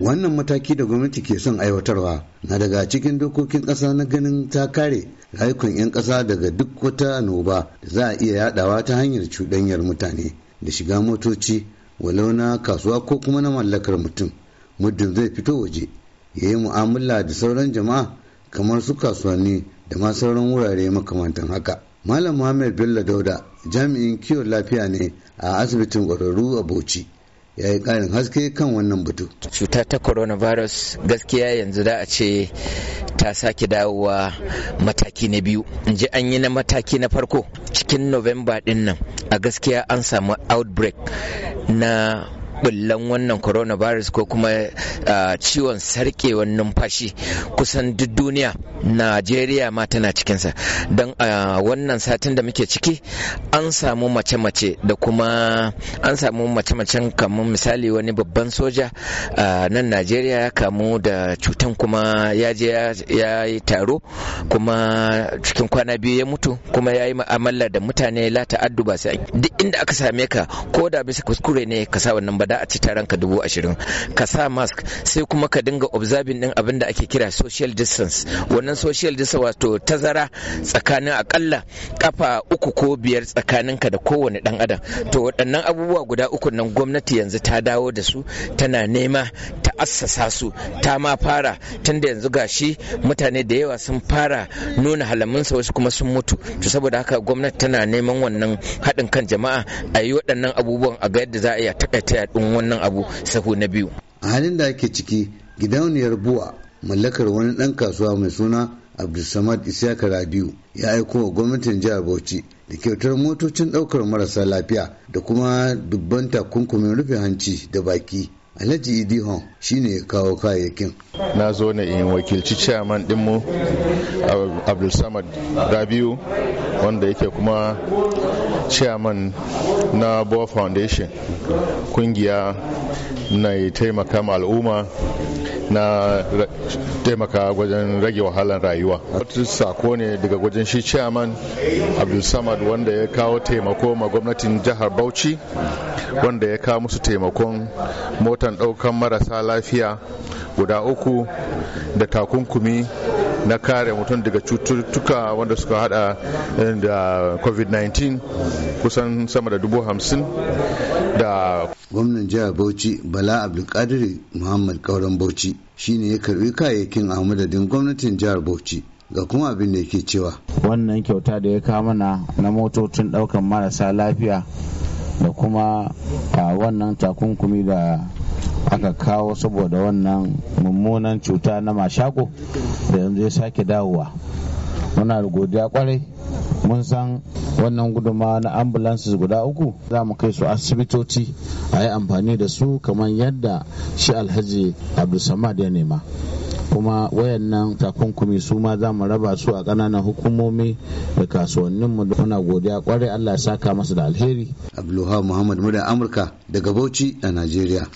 wannan mataki da gwamnati ke son aiwatarwa na daga cikin dokokin ƙasa na ganin ta kare rayukan 'yan ƙasa daga duk wata annoba da za a iya yadawa ta hanyar cuɗanyar mutane da shiga motoci walau na kasuwa ko kuma na mallakar mutum muddin zai fito waje ya yi mu'amala da sauran jama'a kamar su kasuwanni da ma sauran wurare makamantan haka malam muhammad bello dauda jami'in kiwon lafiya ne a asibitin ƙwararru a bauchi ya yi ƙarin haske kan wannan batu. Cuta ta coronavirus gaskiya yanzu da a ce ta sake dawowa mataki na biyu. In ji an yi na mataki na farko cikin november din nan a gaskiya an samu outbreak na bullan wannan coronavirus ko kuma ciwon sarkewar numfashi kusan duk duniya najeriya ma tana cikinsa don a wannan satin da muke ciki an samu mace-mace da kuma an samu mace mace kamar misali wani babban soja nan najeriya ya kamu da cutan kuma ya je ya yi taro kuma cikin kwana biyu ya mutu kuma ya yi ma'amala da mutane la ta'addu ba sai duk inda aka same ka ko da bisa kuskure ne ka sa wannan ba a ci taron ka dubu ashirin ka sa mask sai kuma ka dinga observing din abin da ake kira social distance wannan social distance wato tazara tsakanin akalla kafa uku ko biyar tsakanin ka da kowane dan adam to waɗannan abubuwa guda uku nan gwamnati yanzu ta dawo da su tana nema ta assasa su ta ma fara tunda yanzu gashi mutane da yawa sun fara nuna halaminsa wasu kuma sun mutu to saboda haka gwamnati tana neman wannan haɗin kan jama'a a yi waɗannan abubuwan a ga yadda za a iya takaita ɗin wannan abu sako na biyu a halin da ake ciki gidauniyar buwa mallakar wani ɗan kasuwa mai suna abdulsamad isiyaka rabiu ya aiko wa gwamnatin jihar bauchi da kyautar motocin ɗaukar marasa lafiya da kuma dubban takunkumin rufe hanci da baki alhaji hon shine ya kawo kayayyakin na zo na in wakilci chairman dinmu samad rabiu wanda yake kuma chairman na boa foundation kungiya na taimaka ma al'umma na taimaka wajen rage wahalar rayuwa wata sako ne daga wajen shi chairman Abdul samad wanda ya kawo taimako ma gwamnatin jihar bauchi wanda ya kawo musu taimakon motan ɗaukar marasa lafiya guda uku da takunkumi na kare mutum daga cututtuka wanda suka hada eh, da covid-19 kusan sama da dubu hamsin da gwamnan jihar bauchi bala abdulkadir muhammad kauran bauchi shine ya karbi kayayyakin a madadin gwamnatin jihar bauchi ga kuma abin da yake cewa wannan kyauta da ya kawo mana na motocin daukan marasa lafiya da kuma a wannan takunkumi da aka kawo saboda wannan mummunan cuta na mashago da yanzu ya sake dawowa muna da godiya kwarai mun san wannan guduma na ambulances guda uku za mu kai su asibitoci a yi amfani da su kamar yadda shi alhaji abdulsamad ya nema kuma wayannan takunkumi su ma za mu raba su a ƙananan hukumomi da kasuwannin mu muna godiya kwarai Allah ya saka masa da alheri abdulwahab Muhammad Muda Amurka daga Bauchi a Najeriya